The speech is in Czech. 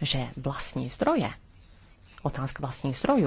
že vlastní zdroje, otázka vlastních zdrojů